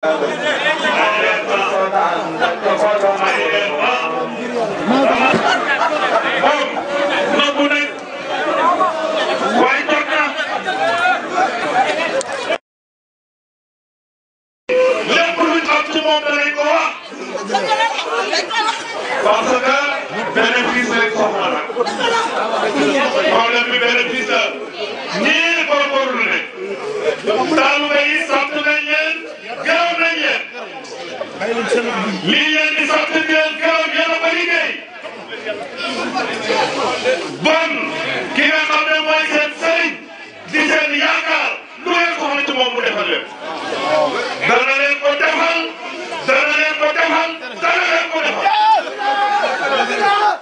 problème bi benn fii sax ñii góorgóorlu ne lii leen di sant di leen gërëm yéen a ko liggéey bon ki nga xam ne mooy seen sëriñ di seen yaakaar lu leen ko xamante moom mu defal leen dana leen ko defal dana leen ko defal dana leen ko defal.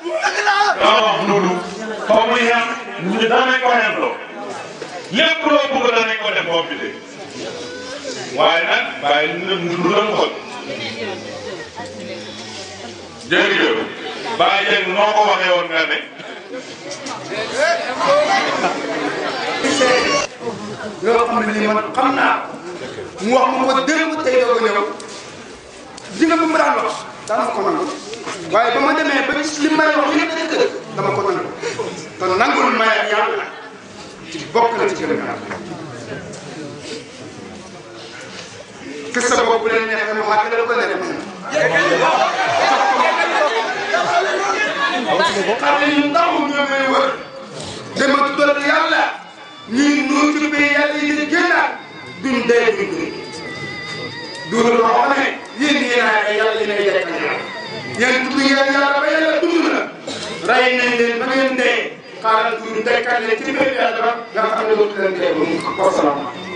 waaw waaw loolu xaw ma yàq nit ñi danañ ko xeebloo lépp loo bëgg danañ ko def moom bi de waaye nag bàyyi lu doon xool. jërëjëf Baye Dieng noo ko waxee woon nga ne. yoo xam ne nii man xam naa mu wax ma ko démb tey doo ko ñëw ji bu mu daan wax ma ko nangu waaye ba ma demee ba gis li may wax yëpp dëgg dama ko nangu te nangul may ak yàlla ci bokk la ci gën a fi sa bopp bu leen neexee mu xàgg la ko nekk. xale yu ndaw ñoo may wër. dama tuddal yàlla. ñuy nuyu ci biir yàlla yi di génnaat. duñ dee duñ dee. duuru loo xam ne yéen ñi naa yàlla yéen a yegg yéen tudd ngeen yàlla ba yàlla dund na. rey nañ leen ba ngeen dee. xaaral duñ dekkaat leen ci biir yàlla nga xam ne dootu leen dee ba mu